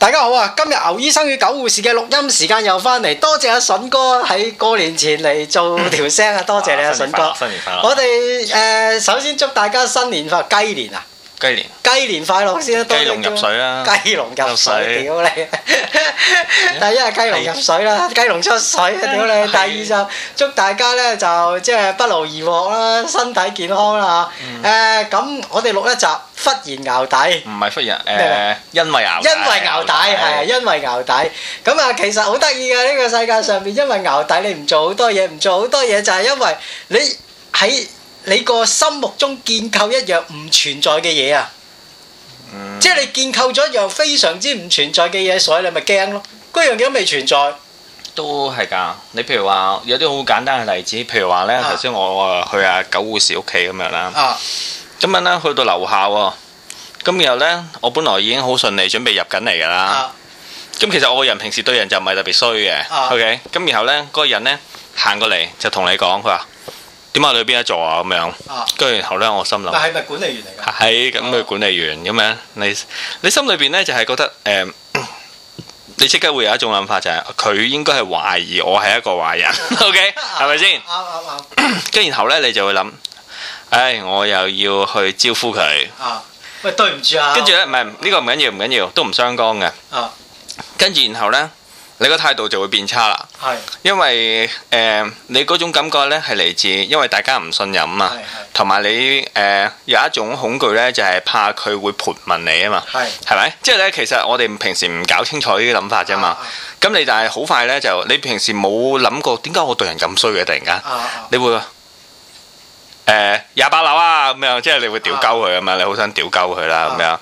大家好啊！今日牛醫生與狗護士嘅錄音時間又翻嚟，多謝阿筍哥喺過年前嚟做條聲啊！嗯、多謝你啊，筍哥，我哋、呃、首先祝大家新年快樂，雞年啊！雞年，雞年快樂先啦！雞龍入水啦，雞龍入水，屌你！第一係雞龍入水啦，雞龍出水，屌你！第二就祝大家呢就即係不勞而獲啦，身體健康啦嚇。誒咁，我哋錄一集忽然熬底，唔係忽然誒，因為熬，因為熬底係因為熬底咁啊！其實好得意嘅呢個世界上面，因為熬底你唔做好多嘢，唔做好多嘢就係因為你喺。你個心目中建構一樣唔存在嘅嘢啊，嗯、即係你建構咗一樣非常之唔存在嘅嘢，所以你咪驚咯。嗰樣嘢都未存在，都係㗎。你譬如話有啲好簡單嘅例子，譬如話咧頭先我啊去阿九護士屋企咁樣啦，咁樣咧去到樓下，咁然後咧我本來已經好順利準備入緊嚟㗎啦。咁、啊、其實我個人平時對人就唔係特別衰嘅。啊、OK，咁然後咧嗰個人咧行過嚟就同你講佢話。點解你去邊一座啊？咁樣，跟住然後咧，我心諗，但係咪管理員嚟噶？係咁嘅管理員咁樣，你你心裏邊咧就係覺得誒，你即刻會有一種諗法就係佢應該係懷疑我係一個壞人，OK，係咪先？啱啱啱。跟然後咧，你就會諗，唉，我又要去招呼佢。啊，喂，對唔住啊。跟住咧，唔係呢個唔緊要，唔緊要，都唔相干嘅。啊，跟住然後咧。你個態度就會變差啦，係的因為誒、呃、你嗰種感覺咧係嚟自，因為大家唔信任啊嘛，同埋的你誒、呃、有一種恐懼咧，就係怕佢會盤問你啊嘛，係係咪？即係咧，其實我哋平時唔搞清楚呢啲諗法啫嘛，咁你、啊啊、就係好快咧，就你平時冇諗過點解我對人咁衰嘅，突然間，啊啊、你會。誒廿、嗯、八樓啊，咁樣即係你會屌鳩佢啊嘛、啊，你好想屌鳩佢啦咁樣。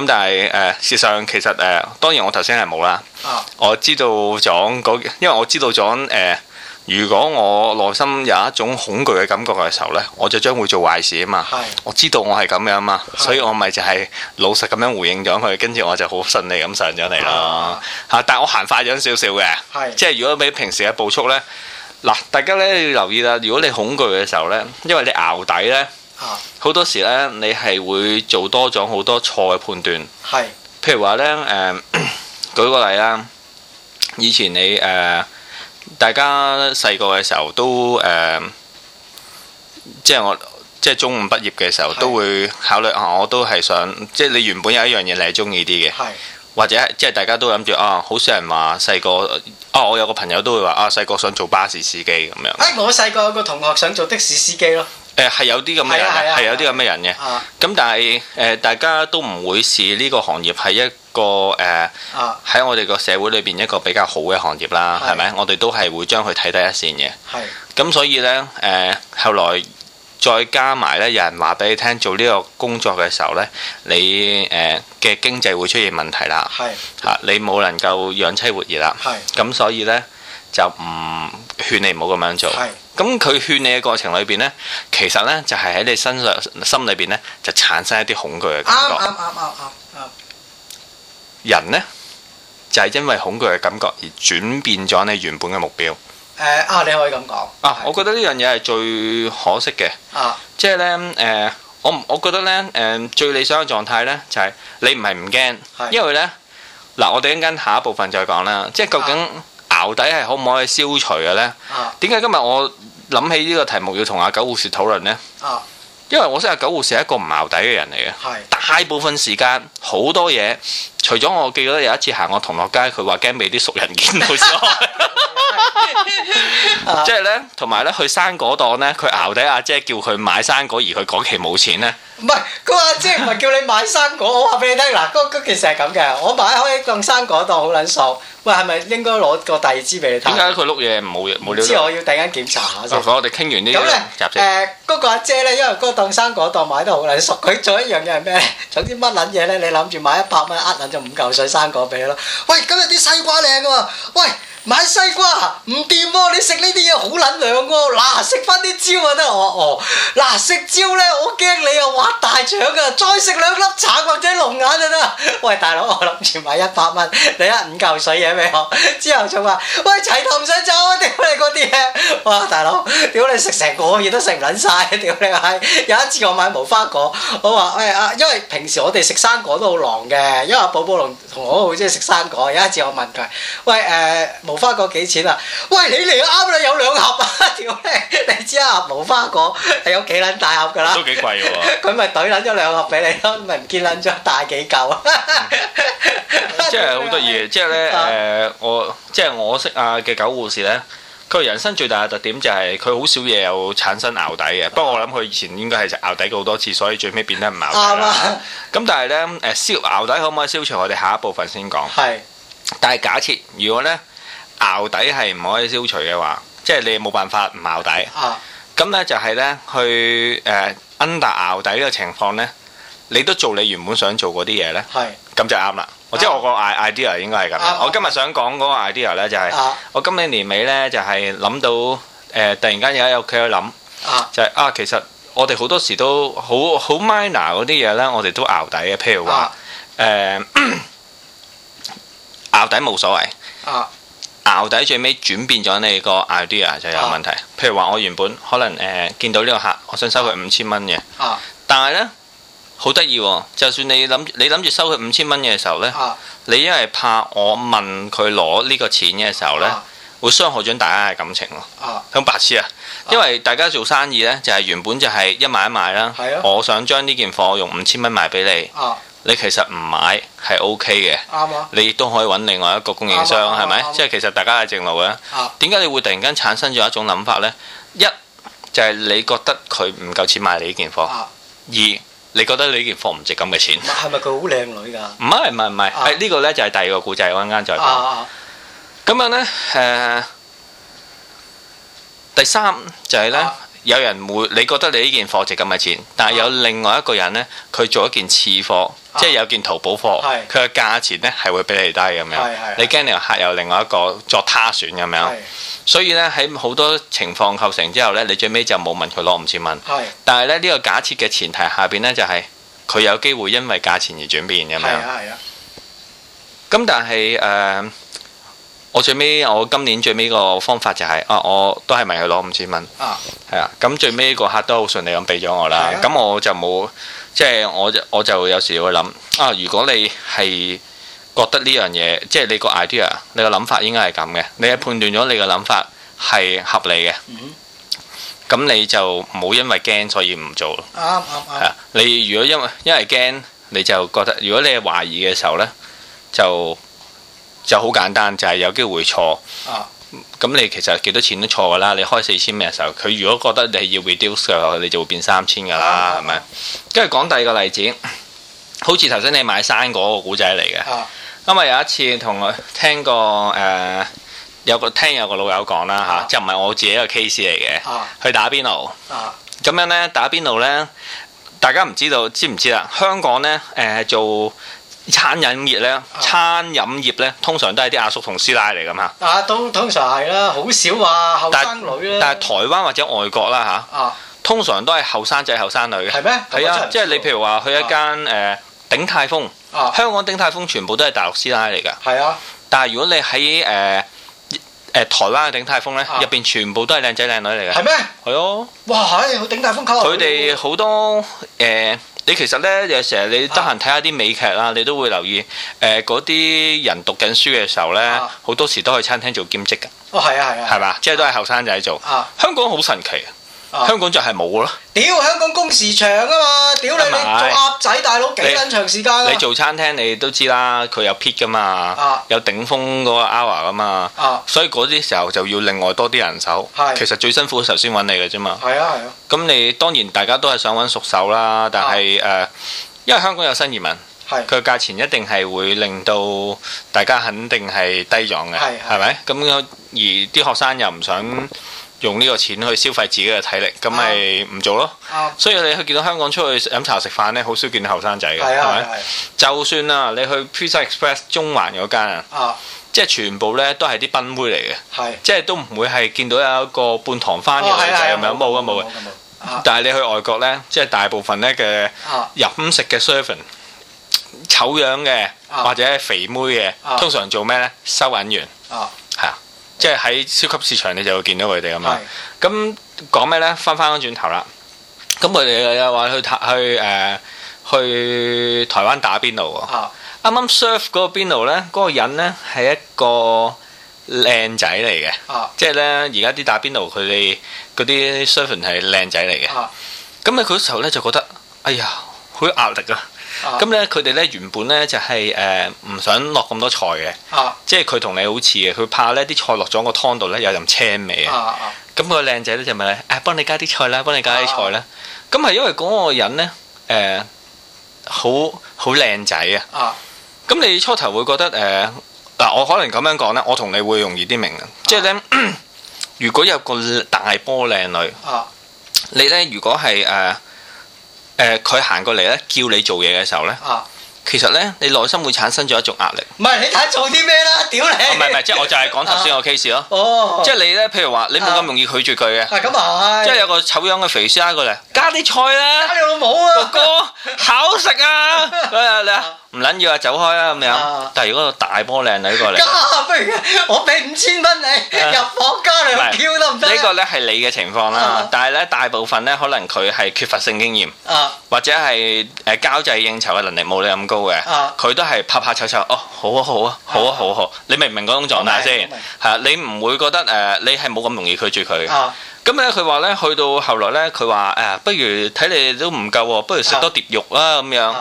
咁但係誒，事實上其實誒、嗯，當然我頭先係冇啦。啊、我知道咗因為我知道咗誒、嗯，如果我內心有一種恐懼嘅感覺嘅時候咧，我就將會做壞事啊嘛。我知道我係咁樣嘛，所以我咪就係老實咁樣回應咗佢，跟住我就好順利咁上咗嚟咯。嚇！啊啊、但我行快咗少少嘅，即係如果比平時嘅步速咧。嗱，大家咧要留意啦。如果你恐懼嘅時候咧，因為你熬底咧，啊、好多時咧你係會做多咗好多錯嘅判斷。係。是的 譬如話咧，誒、呃、舉個例啦，以前你誒、呃、大家細個嘅時候都誒、呃，即係我即係中五畢業嘅時候都會考慮下是的、啊，我都係想，即係你原本有一樣嘢你係中意啲嘅。係。或者即係大家都諗住啊，好少人話細個啊，我有個朋友都會話啊，細個想做巴士司機咁樣。誒、哎，我細個有個同學想做的士司機咯。誒、呃，係有啲咁嘅人嘅，係、啊啊、有啲咁嘅人嘅。咁、啊、但係誒、呃，大家都唔會視呢個行業係一個誒，喺、呃啊、我哋個社會裏邊一個比較好嘅行業啦，係咪是？我哋都係會將佢睇低一線嘅。係咁是，所以呢，誒、呃，後來。再加埋咧，有人話俾你聽，做呢個工作嘅時候咧，你誒嘅經濟會出現問題啦。係嘅，你冇能夠養妻活兒啦。係嘅。咁所以咧就唔勸你冇咁樣做。係嘅。咁佢勸你嘅過程裏邊咧，其實咧就係、是、喺你身上、心裏邊咧，就產生一啲恐懼嘅感覺。係嘅。人呢，就係、是、因為恐懼嘅感覺而轉變咗你原本嘅目標。誒啊！你可以咁講啊！我覺得呢樣嘢係最可惜嘅啊！即係咧誒，我唔我覺得咧誒、呃，最理想嘅狀態咧，就係、是、你唔係唔驚，的因為咧嗱，我哋一陣間下一部分再講啦。即、就、係、是、究竟熬底係可唔可以消除嘅咧？點解、啊、今日我諗起呢個題目要同阿九護士討論咧？啊！因為我識阿九護士係一個唔熬底嘅人嚟嘅，的大部分時間好多嘢。除咗我記得有一次行我同學街，佢話驚俾啲熟人見到咗，即係咧，同埋咧去生果檔咧，佢熬底阿姐叫佢買生果，而佢嗰期冇錢咧。唔係，個阿姐唔係叫你買生果，我話俾你聽，嗱，嗰嗰其實係咁嘅，我買開檔生果檔好撚熟。喂，係咪應該攞個第二支俾你睇？點解佢碌嘢冇嘢冇料？唔知我要突然間檢查下先。啊，我哋傾完呢個，咁咧誒，嗰個阿姐咧，因為嗰檔生果檔買得好撚熟，佢做一樣嘢係咩？做啲乜撚嘢咧？你諗住買一百蚊呃撚？五嚿水生果俾佢咯，喂，今日啲西瓜靚喎啊，喂。買西瓜唔掂喎，你食呢啲嘢好撚涼嘅，嗱，食翻啲蕉啊得哦，嗱、啊、食蕉呢，我驚你又挖大腸嘅，再食兩粒橙或者龍眼就得、啊。喂，大佬，我諗住買一百蚊你一五嚿水嘢俾我，之後仲話喂齊頭唔想走啊，啊，屌你嗰啲嘢，哇，大佬，屌你食成個月都食唔撚晒。屌你閪！有一次我買無花果，我話喂，啊，因為平時我哋食生果都好狼嘅，因為寶寶龍同同我好中意食生果，有一次我問佢，喂，誒、呃無花果幾錢啊？喂，你嚟啊啱啦，有兩盒啊！屌咩？你知啊盒無花果係有幾捻大盒噶啦？都幾貴嘅喎。咁咪懟捻咗兩盒俾你咯，咪唔見捻咗大幾嚿？即係好得意，即係咧誒，我即係我識啊嘅狗護士咧，佢人生最大嘅特點就係佢好少嘢有產生熬底嘅。嗯、不過我諗佢以前應該係熬底過好多次，所以最尾變得唔熬底。啱啊、嗯嗯！咁但係咧誒，消熬底可唔可以消除？我哋下一部分先講。係是。但係假設如果咧。熬底係唔可以消除嘅話，即係你冇辦法唔熬底。咁呢、啊、就係呢，去誒、呃、under 熬底呢個情況呢，你都做你原本想做嗰啲嘢呢，係是，咁就啱啦。啊、即我即係我個 idea 應該係咁。啊、我今日想講嗰個 idea 呢、就是，就係、啊，我今年年尾呢，就係諗到誒，突然間有屋企去諗，啊、就係、是、啊，其實我哋好多時都好好 minor 嗰啲嘢呢，我哋都熬底嘅，譬如話誒，熬、啊呃、底冇所謂。淆底最尾轉變咗你個 idea 就有問題。啊、譬如話，我原本可能誒、呃、見到呢個客，我想收佢五千蚊嘅。啊、但係呢，好得意喎！就算你諗你諗住收佢五千蚊嘅時候呢，啊、你因為怕我問佢攞呢個錢嘅時候呢，啊、會傷害咗大家嘅感情咯。咁、啊、白痴啊！啊、因為大家做生意呢，就係、是、原本就係一買一賣啦。啊、我想將呢件貨用五千蚊賣俾你。啊啊你其實唔買係 OK 嘅。啱，你亦都可以揾另外一個供應商，係咪？即係其實大家係正路嘅。點解你會突然間產生咗一種諗法呢？一就係你覺得佢唔夠錢買你呢件貨，二你覺得你呢件貨唔值咁嘅錢。係咪佢好靚女㗎？唔係唔係唔係，呢個呢就係第二個故仔，我陣間再講。咁樣呢，誒，第三就係呢。有人會，你覺得你呢件貨值咁嘅錢，但係有另外一個人呢，佢做一件次貨，即係有件淘寶貨，佢嘅、啊、價錢呢係會比你低咁樣。你驚你個客有另外一個作他選咁樣，是是所以呢，喺好多情況構成之後呢，你最尾就冇問佢攞五千蚊。是但係呢，呢、呢個假設嘅前提下邊呢，就係、是、佢有機會因為價錢而轉變咁樣。咁、啊啊啊、但係誒？呃我最尾，我今年最尾個方法就係、是，啊，我都係問佢攞五千蚊？啊，係啊，咁最尾個客都好順利咁俾咗我啦。咁、啊、我就冇，即、就、係、是、我我就有時會諗，啊，如果你係覺得呢樣嘢，即、就、係、是、你個 idea，你個諗法應該係咁嘅，你係判斷咗你個諗法係合理嘅，咁、嗯、你就唔好因為驚所以唔做咯。啱啱啱。係啊，啊，啊，你如果因為因為驚，你就覺得如果你係懷疑嘅時候咧，就。就好簡單，就係、是、有機會錯。啊，咁你其實幾多錢都錯㗎啦。你開四千名嘅時候，佢如果覺得你係要 reduce 嘅話，你就會變三千㗎啦，係咪、嗯？跟住吧講第二個例子，好似頭先你買生果個古仔嚟嘅。啊，咁有一次同我聽個誒、呃、有個聽有個老友講啦吓，啊啊、就唔係我自己一個 case 嚟嘅。啊、去打邊爐。啊，咁樣呢？打邊爐呢？大家唔知道知唔知啊？香港呢，誒、呃、做。餐飲業咧，餐飲業咧，通常都係啲阿叔同師奶嚟㗎嘛？啊，都通常係啦，好少話後生女。但係台灣或者外國啦嚇，通常都係後生仔後生女嘅。係咩？係啊，即係你譬如話去一間誒鼎泰豐，香港鼎泰豐全部都係大陸師奶嚟㗎。係啊，但係如果你喺誒誒台灣嘅鼎泰豐咧，入邊全部都係靚仔靚女嚟㗎。係咩？係咯，哇，係鼎泰豐溝。佢哋好多誒。你其實咧，有時候你得閒睇下啲美劇啦、啊，啊、你都會留意誒嗰啲人讀緊書嘅時候咧，好、啊、多時都去餐廳做兼職㗎。哦，係啊，係啊，係嘛，即係都係後生仔做。啊，香港好神奇啊！香港就係冇咯。屌，香港工時長啊嘛，屌你你做鴨仔大佬幾咁長時間？你做餐廳你都知啦，佢有 pit 噶嘛，有頂峰嗰個 hour 噶嘛，所以嗰啲時候就要另外多啲人手。其實最辛苦嘅時候先揾你嘅啫嘛。係啊係啊。咁你當然大家都係想揾熟手啦，但係誒，因為香港有新移民，佢價錢一定係會令到大家肯定係低咗嘅，係咪？咁而啲學生又唔想。用呢個錢去消費自己嘅體力，咁咪唔做咯。所以你去見到香港出去飲茶食飯咧，好少見到後生仔嘅，係咪？就算啊，你去 Pizza Express 中環嗰間啊，即係全部咧都係啲賓妹嚟嘅，即係都唔會係見到有一個半唐番嘅女仔咁樣冇啊，冇嘅。但係你去外國呢，即係大部分呢嘅飲食嘅 servant，醜樣嘅或者肥妹嘅，通常做咩呢？收銀員。即係喺超級市場，你就會見到佢哋啊嘛。咁講咩呢？翻翻轉頭啦。咁佢哋又話去台去誒去台灣打邊爐喎。啱啱 surf 嗰個邊爐呢，嗰、嗰個人呢係一個靚仔嚟嘅。啊、即係呢，而家啲打邊爐佢哋嗰啲 surfing 係靚仔嚟嘅。咁咧佢嗰時候呢，就覺得，哎呀，好壓力啊！咁咧，佢哋咧原本咧就係誒唔想落咁多菜嘅，即係佢同你好似嘅。佢怕咧啲菜落咗個湯度咧有陣青味啊。咁個靚仔咧就問你，誒，幫你加啲菜啦，幫你加啲菜啦。咁係因為嗰個人咧，誒，好好靚仔啊。咁你初頭會覺得，誒，嗱，我可能咁樣講咧，我同你會容易啲明即係咧，如果有個大波靚女，你咧如果係誒。誒，佢行、呃、過嚟咧，叫你做嘢嘅時候咧，啊、其實咧，你內心會產生咗一種壓力。唔係、啊，你睇下做啲咩啦？屌你！唔係唔係、即係、就是、我就係講頭先個 case 咯。哦、啊，即係你咧，譬如話你冇咁容易拒絕佢嘅、啊。啊，咁啊係。即、啊、係、啊啊啊啊、有個醜樣嘅肥師奶過嚟，加啲菜啦。加你老母啊！哥，哥，好 食啊！嚟啊嚟啊！唔撚要啊，走開啊咁樣。但係如果大波靚女過嚟，不如我俾五千蚊你入房加兩票得唔得？呢個咧係你嘅情況啦。但係咧，大部分咧可能佢係缺乏性經驗，或者係誒交際應酬嘅能力冇你咁高嘅。佢都係怕怕醜醜。哦，好啊，好啊，好啊，好啊。你明唔明嗰種狀態先？係啊，你唔會覺得誒，你係冇咁容易拒絕佢咁咧，佢話咧，去到後來咧，佢話誒，不如睇你都唔夠喎，不如食多碟肉啦，咁樣。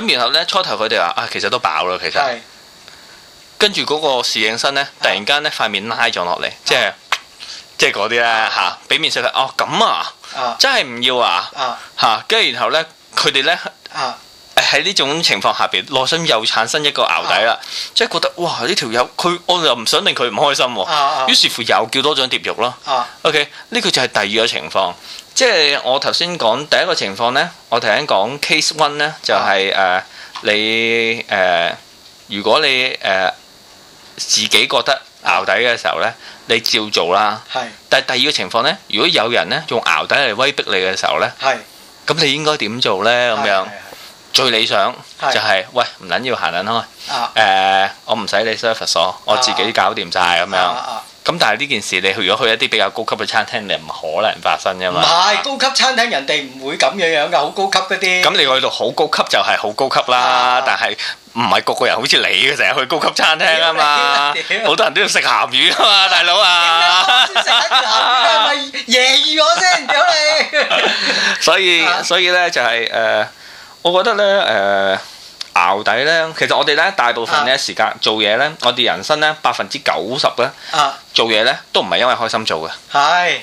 咁然後咧，初頭佢哋話啊，其實都飽啦，其實。是跟住嗰個試鏡生咧，突然間咧塊面拉咗落嚟，即係即係嗰啲咧嚇，俾面食佢。哦，咁啊，真係唔要啊嚇。跟、啊、住然後咧，佢哋咧喺呢、啊啊、種情況下邊，內心又產生一個熬底啦，啊、即係覺得哇！呢條友佢，我又唔想令佢唔開心，於是乎又叫多張碟肉咯。啊啊、OK，呢個就係第二個情況。即係我頭先講第一個情況咧，我頭先講 case one 咧，就係誒你誒，如果你誒自己覺得熬底嘅時候咧，你照做啦。係。但係第二個情況咧，如果有人咧用熬底嚟威逼你嘅時候咧，係。咁你應該點做咧？咁樣最理想就係喂，唔撚要行撚開誒，我唔使你 service 所，我自己搞掂曬咁樣。咁但係呢件事，你如果去一啲比較高級嘅餐廳，你唔可能發生噶嘛。唔係，高級餐廳人哋唔會咁樣樣噶，好高級嗰啲。咁你去到好高級就係好高級啦，啊、但係唔係個個人好似你嘅成日去高級餐廳啊嘛，好多人都要食鹹魚啊嘛，大佬啊！食得，得鹹嘅？係咪揶揄我先唔屌你？所以所以咧就係、是、誒、呃，我覺得咧誒。呃熬底咧，其實我哋咧大部分咧時間做嘢咧，我哋人生咧百分之九十咧，做嘢咧都唔係因為開心做嘅。係，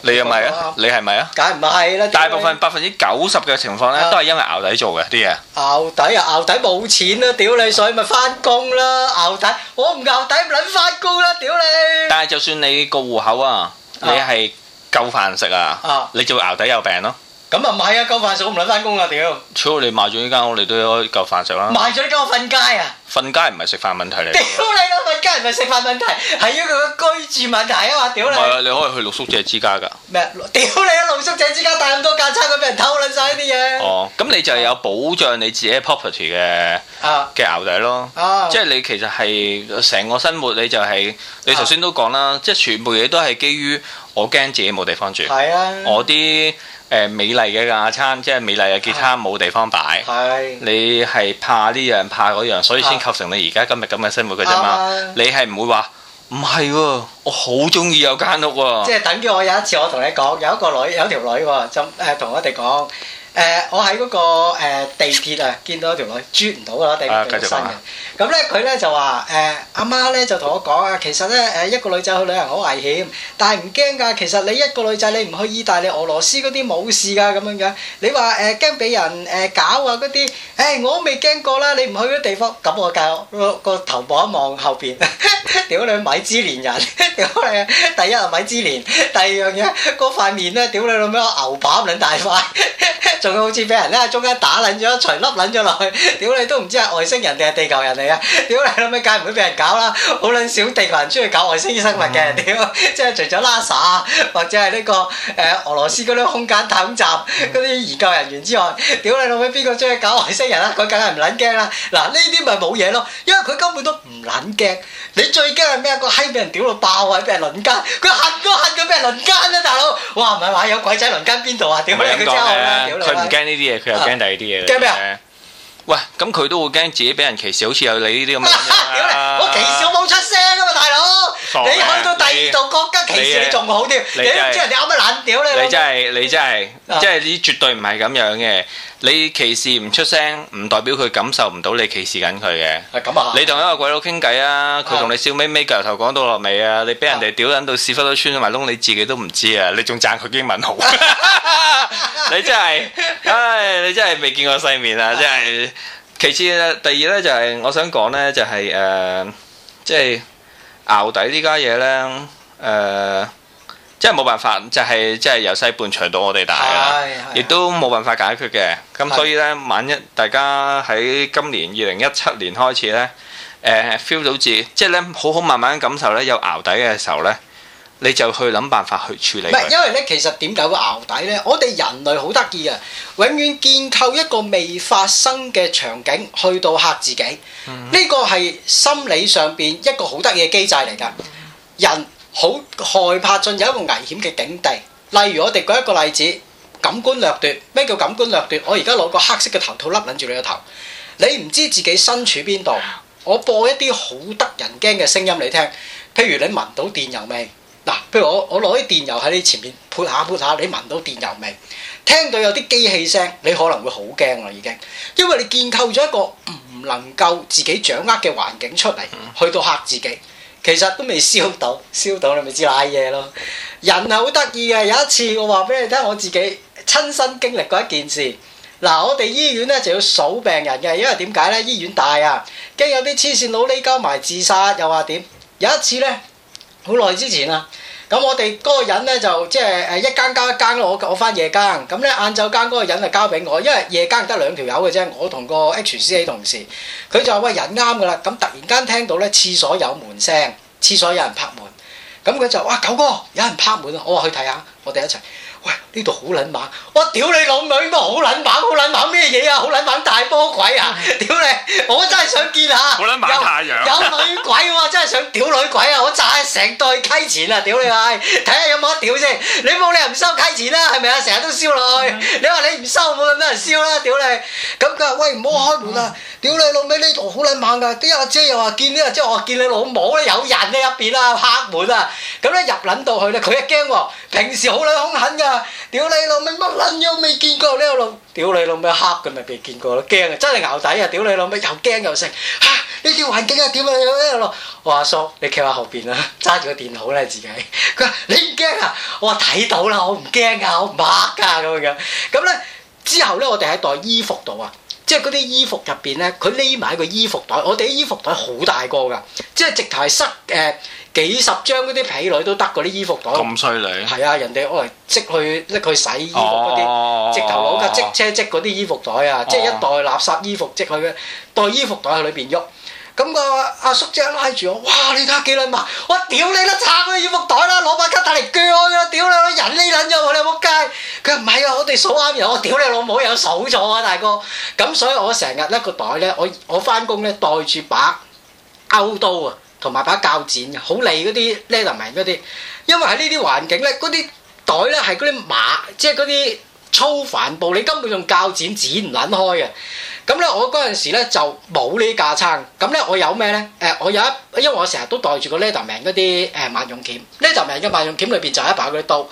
你又咪啊？你係咪啊？梗唔係啦，大部分百分之九十嘅情況咧，都係因為熬底做嘅啲嘢。熬底啊！熬底冇錢啦，屌你，所以咪翻工啦。熬底，我唔熬底，唔撚翻工啦，屌你！但係就算你個戶口啊，你係夠飯食啊，你就會熬底有病咯。咁啊唔係啊，夠飯食我唔使返工啊！屌！屌你賣咗呢間，屋，你都夠飯食啦。賣咗呢間屋，瞓街啊！瞓街唔係食飯問題嚟。屌你啦，瞓街唔係食飯問題，係要佢嘅居住問題啊嘛！屌你。唔啊、嗯，你可以去露宿者之家㗎。咩？屌你啊！露宿者之家帶咁多架車佢俾人偷撚曬啲嘢。哦，咁你就有保障你自己 property 嘅嘅熬底咯。啊、即係你其實係成個生活你、就係，你就係你頭先都講啦，即係全部嘢都係基於我驚自己冇地方住。係啊。我啲。誒美麗嘅架撐，即係美麗嘅結他冇地方擺，的你係怕呢樣怕嗰樣，的所以先構成你而家今日咁嘅生活嘅啫嘛。的你係唔會話唔係喎，我好中意有間屋喎、啊。即係等於我有一次我同你講，有一個女有條女喎、啊，就誒同我哋講。誒，我喺嗰個地鐵啊，見到一條女，追唔到啦，地鐵度新嘅。咁咧，佢咧就話誒，阿媽咧就同我講啊，其實咧誒，一個女仔去旅行好危險，但係唔驚㗎。其實你一個女仔你唔去意大利、俄羅斯嗰啲冇事㗎咁樣樣。你話誒驚俾人誒搞啊嗰啲，誒我都未驚過啦。你唔去嗰啲地方，咁我教個頭望一望後邊，屌你米芝蓮人，屌你第一啊米芝蓮，第二樣嘢嗰塊面咧，屌你老母牛扒咁兩大塊，仲好似俾人咧中間打撚咗，除笠撚咗落去，屌你都唔知係外星人定係地球人嚟啊！屌你老味，梗唔會俾人搞啦，好撚少地球人出去搞外星生物嘅，屌！即係除咗拉薩，啊，或者係呢個誒俄羅斯嗰啲空間太空站嗰啲研究人員之外，屌你老味，邊個出去搞外星人啊？佢梗係唔撚驚啦！嗱呢啲咪冇嘢咯，因為佢根本都唔撚驚。你最驚係咩？個閪俾人屌到爆啊！俾人輪奸，佢恨都恨到俾人輪奸啦，大佬！哇唔係話有鬼仔輪奸邊度啊？屌你老味！佢唔驚呢啲嘢，佢又驚第二啲嘢。驚咩啊？喂，咁佢都會驚自己俾人歧視，好似有你呢啲咁嘅。我歧視我冇出聲。你去到第二度國家歧視你仲好啲，你唔知人哋有乜懶屌你，你真係，你真係，啊、即係你絕對唔係咁樣嘅。你歧視唔出聲，唔代表佢感受唔到你歧視緊佢嘅。啊、你同一個鬼佬傾偈啊，佢同、啊、你笑眯眯，由、啊、頭講到落尾啊，你俾人哋屌撚到屎忽都穿埋窿，你自己都唔知啊！你仲讚佢英文好？ 你真係，唉、哎！你真係未見過世面啊！真係。 其次第二呢，就係、是、我想講呢，就係、是、誒、呃，即係。熬底呢家嘢呢，誒、呃，即係冇辦法，就係即係由細伴隨到我哋大嘅，亦都冇辦法解決嘅。咁所以呢，是萬一大家喺今年二零一七年開始呢，誒、呃、feel 到自己，即係呢，好好慢慢感受呢，有熬底嘅時候呢。你就去諗辦法去處理。唔係，因為咧，其實點解會熬底咧？我哋人類好得意呀，永遠建構一個未發生嘅場景去到嚇自己。呢個係心理上邊一個好得意嘅機制嚟㗎。人好害怕進入一個危險嘅境地。例如我哋舉一個例子，感官掠奪。咩叫感官掠奪？我而家攞個黑色嘅頭套笠撚住你個頭，你唔知自己身處邊度。我播一啲好得人驚嘅聲音你聽，譬如你聞到電油味。嗱，譬如我我攞啲電油喺你前面潑下潑下，你聞到電油味，聽到有啲機器聲，你可能會好驚啦已經，因為你建構咗一個唔能夠自己掌握嘅環境出嚟，去到嚇自己，其實都未燒到，燒到你咪知瀨嘢咯。人係好得意嘅，有一次我話俾你聽，我自己親身經歷過一件事。嗱，我哋醫院咧就要數病人嘅，因為點解咧？醫院大啊，驚有啲黐線佬匿交埋自殺又話點？有一次咧，好耐之前啦，咁我哋嗰個人咧就即係誒一間交一間咯，我我翻夜更，咁咧晏晝間嗰個人就交俾我，因為夜間得兩條友嘅啫，我同個 HCA 同事，佢就話喂，人啱噶啦，咁突然間聽到咧廁所有門聲，廁所有人拍門，咁佢就哇，九哥有人拍門啊，我話去睇下，我哋一齊，喂呢度好撚猛，我屌你老母，乜好撚猛好撚猛咩嘢啊？好撚猛大波鬼啊，屌你，我真係想見下。好撚猛太陽。有女鬼喎、啊，真係想屌女鬼啊，我。成袋溪錢啊！屌你閪，睇下有冇得屌先。你冇理由唔收溪錢啦，係咪啊？成日都燒落去，你話你唔收冇咁多人燒啦，屌你！咁佢話喂唔好開門啦，屌你老味呢度好撚猛㗎。啲阿姐又話見呢，即係我見你老母咧有人喺入邊啦，黑門啊！咁咧入撚到去咧，佢一驚喎，平時好撚兇狠㗎，屌你老味乜撚樣都未見過呢個路。屌你老味黑，佢咪未見過咯，驚啊！真係牛仔啊！屌你老味又驚又成嚇，呢條環境又點啊？呢度我話阿叔，你企喺後邊啦，揸住個電腦咧自己。佢話你唔驚啊？我話睇到啦，我唔驚啊，我唔怕噶咁樣。咁咧之後咧，我哋喺袋衣服度啊。即係嗰啲衣服入邊咧，佢匿埋喺個衣服袋。我哋啲衣服袋好大個㗎，即係直頭係塞誒、呃、幾十張嗰啲被裏都得嗰啲衣服袋。咁犀利？係啊，人哋攞嚟即去，搦去洗衣服嗰啲，啊、直頭攞架即車積嗰啲衣服袋啊，即係一袋垃圾衣服即去嘅袋衣服袋喺裏邊喐。咁、阿叔姐拉住我，哇！你睇下幾撚麻，我屌你啦，拆佢腰腹袋啦，攞把吉帶嚟鋸我啦，屌你啦，人呢撚嘢我你撲街！佢唔係啊，我哋數啱嘅，我屌你老母有數錯啊，大哥！咁所以我成日一個袋咧，我我翻工咧袋住把勾刀啊，同埋把鉸剪好利嗰啲 Leatherman 嗰啲，因為喺呢啲環境咧，嗰啲袋咧係嗰啲麻，即係嗰啲粗帆布，你根本用鉸剪剪唔撚開啊。」咁咧，我嗰陣時咧就冇呢架撐，咁咧我有咩咧？誒，我有一，因為我成日都袋住個 Leatherman 嗰啲誒萬用鉗，Leatherman 嘅萬用鉗裏邊就係一把嗰啲刀。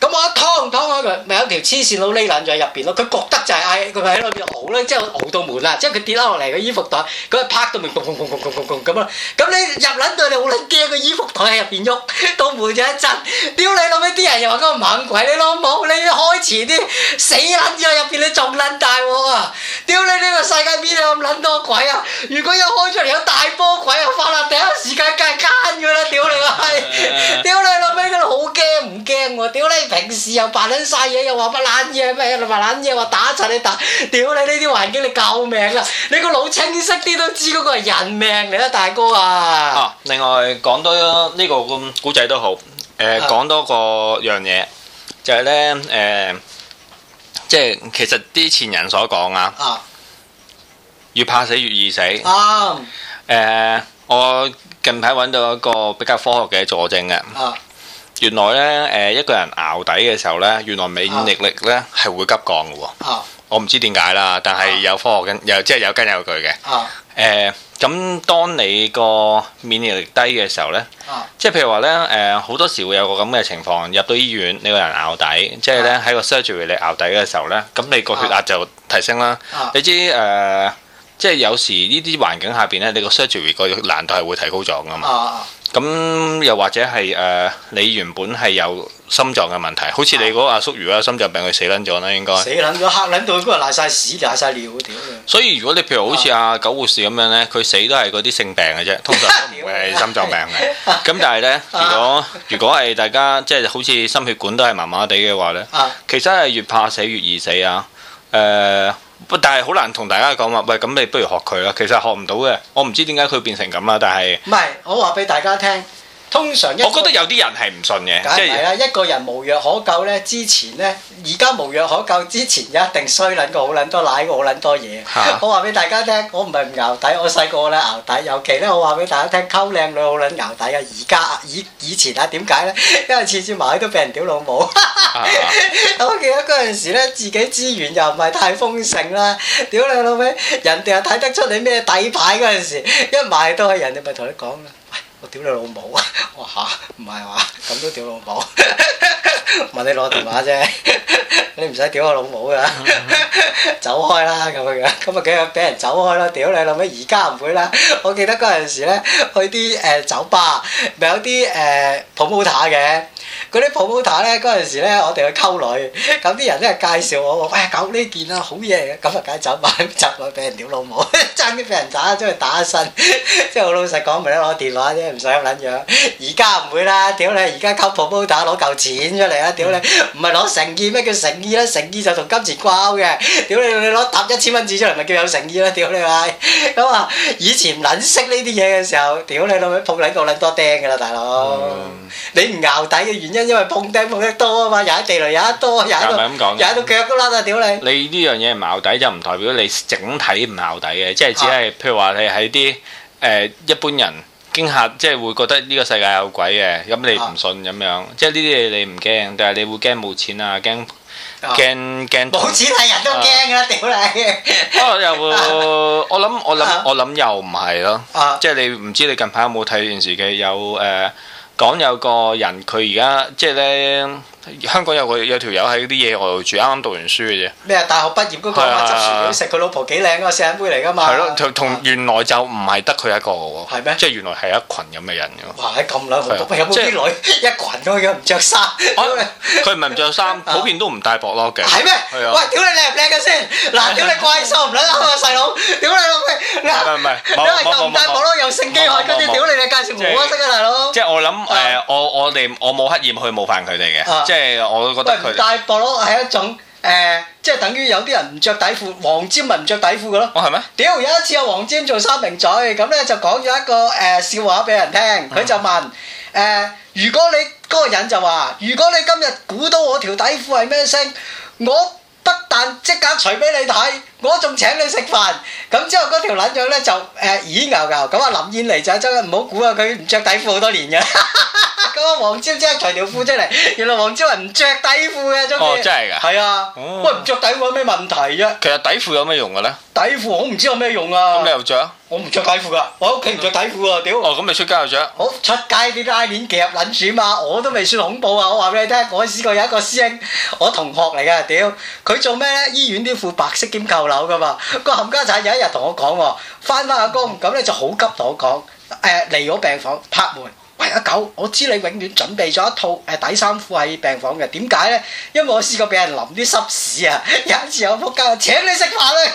咁我一劏劏開佢，咪有條黐線佬匿撚咗喺入邊咯。佢覺得就係誒，佢咪喺裏邊熬咧，之後熬到門啦，即係佢跌翻落嚟個衣服袋，佢一拍到門，咚咚咚咚咚咚咁咯。咁你入撚到你好撚驚，個衣服袋喺入邊喐，到門就一震。屌你老尾，啲人又話嗰個猛鬼你老母，你開前啲死撚之喺入邊，你仲撚大鑊啊！屌你你！呢個世界邊有咁卵多鬼啊？如果有開出嚟有大波鬼啊，發啦，第一時間梗係奸噶啦。屌你啊，屌你老咩？個老好驚唔驚我？屌你平時又扮捻晒嘢，又話不卵嘢咩？又話卵嘢，話打柒你打。屌你呢啲環境，你救命啦！你個腦清晰啲都知嗰個係人命嚟啦，大哥啊。另外講多呢個古仔都好誒，講多個樣嘢就係呢，誒，即係其實啲前人所講啊。越怕死越易死。啱。誒，我近排揾到一個比較科學嘅佐證啊。啊。原來咧，誒一個人熬底嘅時候咧，原來免疫力咧係會急降嘅喎。啊。我唔知點解啦，但係有科學嘅，又即係有根有據嘅。啊。誒，咁當你個免疫力低嘅時候咧，啊。即係譬如話咧，誒好多時會有個咁嘅情況，入到醫院，你個人熬底，即係咧喺個 surgery 你熬底嘅時候咧，咁你個血壓就提升啦。啊。你知誒？即係有時呢啲環境下邊咧，你個 surgery 個難度係會提高咗噶嘛？咁、啊、又或者係誒、呃，你原本係有心臟嘅問題，啊、好似你嗰阿叔如果有心臟病佢死撚咗啦，應該死撚咗，嚇撚到佢嗰日瀨曬屎瀨晒尿，屌！所以如果你譬如好似阿九護士咁樣咧，佢、啊、死都係嗰啲性病嘅啫，通常唔係心臟病嚟。咁 但係咧，如果如果係大家即係好似心血管都係麻麻地嘅話咧，啊、其實係越怕死越易死啊！誒、呃。但係好難同大家講話。喂，咁你不如學佢啦。其實學唔到嘅，我唔知點解佢變成咁啦。但係，唔係，我話俾大家聽。通常，我覺得有啲人係唔信嘅。解題決啦、就是，一個人無藥可救呢。之前呢，而家無藥可救之前，一定衰撚過好撚多奶過好撚多嘢，啊。我話俾大家聽，我唔係唔熬底，我細個咧熬底，尤其呢，我話俾大家聽，溝靚女好撚熬底呀。而家以以前呀，點解呢？因為次次買都俾人屌老母。啊、 我記得嗰陣時呢，自己資源又唔係太豐盛啦，屌你老母，人哋又睇得出你咩底牌嗰陣時，一買都係人哋咪同你講啦。我屌你老母啊！哇嚇，唔係話咁都屌老母？問你攞電話啫，你唔使屌我老母㗎，走開啦咁樣樣，咁啊梗係俾人走開啦？屌你老母！老母 而家唔 會啦，我記得嗰陣時呢，去啲誒、呃、酒吧，咪有啲誒 promoter 嘅。呃嗰啲 promoter 咧，嗰陣時咧，我哋去溝女，咁啲人咧介紹我，喂，搞呢件啦，好嘢，咁啊，梗係走買，走去俾人屌老母，爭啲俾人打，將佢打一身，即係好老實講，咪攞電話啫，唔使咁撚樣。而家唔會啦，屌你，而家溝 promoter 攞嚿錢出嚟啦，屌你，唔係攞誠意咩叫誠意咧？誠意就同金錢掛鈎嘅，屌你，你攞揼一千蚊紙出嚟，咪叫有誠意啦，屌你咪。咁啊，以前撚識呢啲嘢嘅時候，屌你老味，鋪底個撚多釘㗎啦，大佬。你唔熬底嘅。原因因為碰釘碰得多啊嘛，踩地雷踩得多，踩到踩到腳都甩啊！屌你！你呢樣嘢係熬底就唔代表你整體唔熬底嘅，即係只係譬如話你喺啲誒一般人驚嚇，即係會覺得呢個世界有鬼嘅，咁你唔信咁樣，即係呢啲嘢你唔驚，但係你會驚冇錢啊，驚驚驚冇錢係人都驚㗎，屌你！啊又我諗我諗我諗又唔係咯，即係你唔知你近排有冇睇電視劇有誒？講有個人，佢而家即係咧。香港有個有條友喺啲野外度住，啱啱讀完書嘅啫。咩啊？大學畢業嗰個麥振全，食佢老婆幾靚啊，四眼妹嚟噶嘛。係咯，同同原來就唔係得佢一個嘅喎。係咩？即係原來係一羣咁嘅人嘅。哇！係咁靚，唔同唔係有冇啲女一羣咁樣唔著衫？佢唔係唔著衫，普遍都唔戴薄褸嘅。係咩？喂，屌你靚唔靚嘅先？嗱，屌你怪獸唔撚得啊，細佬！屌你老味！唔係唔係，唔係唔戴薄褸又性慾快，跟住屌你嘅介紹冇乜色嘅大佬。即係我諗誒，我我哋我冇刻意去冒犯佢哋嘅。我都覺得佢大博咯，係一種、呃、即係等於有啲人唔着底褲，黃沾咪唔着底褲嘅咯。屌、哦！有一次阿黃沾做三名嘴，咁呢就講咗一個、呃、笑話俾人聽。佢就問、嗯呃、如果你嗰、嗰個人就話，如果你今日估到我條底褲係咩色，我不但即刻除俾你睇。我仲請你食飯，咁之後嗰條撚樣咧就誒耳牛。拗、呃，咁啊林燕妮就真係唔好估啊！佢唔着底褲好多年嘅，咁啊黃超即刻除條褲出嚟，原來黃超人唔着底褲嘅、哦，真係㗎。係啊，哦、喂唔着底褲有咩問題啊？其實底褲有咩用嘅咧？底褲我唔知有咩用啊！咁你又著？我唔着底褲㗎，我喺屋企唔着底褲啊！屌。哦，咁了、哦、你出街又著？好，出街啲拉鏈夾撚住啊！我都未算恐怖啊！我話俾你聽，我試過有一個師兄，我同學嚟嘅，屌佢做咩咧？醫院啲褲白色兼夠有噶嘛？個冚家鏟有一日同我講，翻翻下工咁咧就好急同我講，誒嚟咗病房拍門，喂阿狗，我知你永遠準備咗一套誒底衫褲喺病房嘅，點解咧？因為我試過俾人淋啲濕屎啊！有次有仆街，請你食飯啦咁，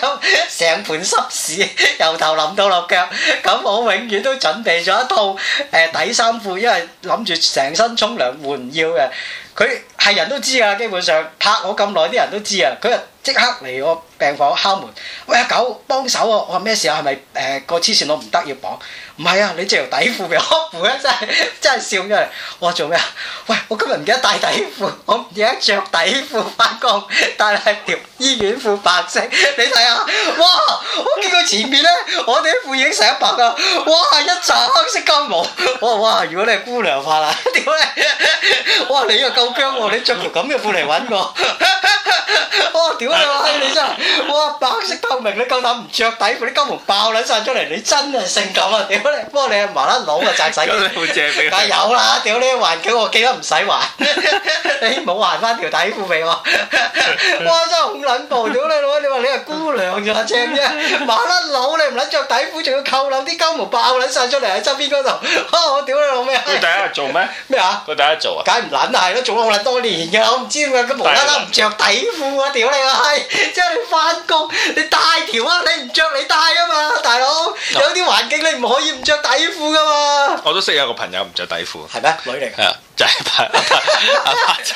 成盤濕屎由頭淋到落腳，咁我永遠都準備咗一套誒底衫褲，因為諗住成身沖涼換腰嘅佢。係人都知㗎，基本上拍我咁耐啲人都知啊。佢啊即刻嚟我病房，我敲門，喂阿狗幫手啊！我話咩事啊？係咪誒個黐線佬唔得要綁？唔係啊，你著條底褲俾我攰啊！真係真係笑咗嚟。我話做咩啊？喂，我今日唔記得帶底褲，我唔記得着底褲返工，但係條醫院褲白色，你睇下，哇！我見佢前面呢，我條褲已經成白噶，哇！一紮黑色金毛，我話哇！如果你係姑娘怕啦，屌 你我！我話你啊夠薑喎！你著條咁嘅褲嚟揾我，哇！屌你閪，你真係，哇！白色透明，你夠膽唔著底褲？啲金毛爆撚曬出嚟，你真係性感啊！屌你，不過你係麻甩佬啊，就係使。咁你會借俾？但係有啦，屌你！還佢，我記得唔使還。哎，冇還翻條底褲俾我。哇！真係好撚暴，屌你老味！你話你係姑娘咋？正啫，麻甩佬你唔撚著底褲，仲要扣撚啲金毛爆撚曬出嚟喺側邊嗰度。啊！我屌你老味。佢第一日做咩？咩啊？佢第一日做啊？梗係唔撚啊，係咯，做咁撚多。年嘅，我唔知點解佢無啦啦唔着底褲啊！屌你啊閪、哎！即係你翻工，你帶條啊，你唔着你帶啊嘛，大佬有啲環境你唔可以唔着底褲噶嘛。我都識有個朋友唔着底褲。係咩嗎？女嚟。係啊。就係阿阿阿花仔，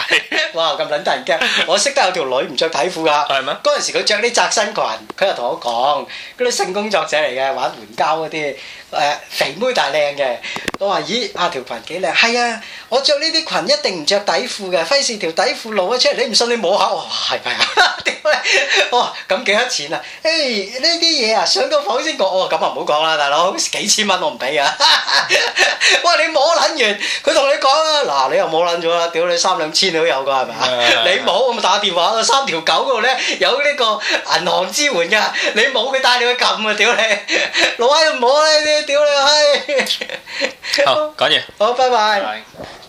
哇咁撚得人驚！我識得有條女唔著底褲㗎，係咪？嗰陣時佢著啲窄身裙，佢又同我講，嗰啲性工作者嚟嘅玩援交嗰啲，誒肥妹大靚嘅，我話咦啊條裙幾靚，係啊，我著呢啲裙一定唔著底褲㗎，費事條底褲露咗出嚟，你唔信你摸下，哇係咪？屌，哇咁幾多錢啊？誒呢啲嘢啊上到房先講，哦咁啊唔好講啦，大佬幾千蚊我唔俾㗎，哇你摸撚完，佢同你講啊。嗱、啊，你又冇撚咗啦，屌你三兩千都有噶係咪啊？Yeah. 你冇咁打電話啊，三條狗嗰度呢，有呢個銀行支援嘅，你冇佢帶你去撳啊，屌你老閪唔好呢！你屌你閪。你你你你好，講嘢。好，拜拜緊。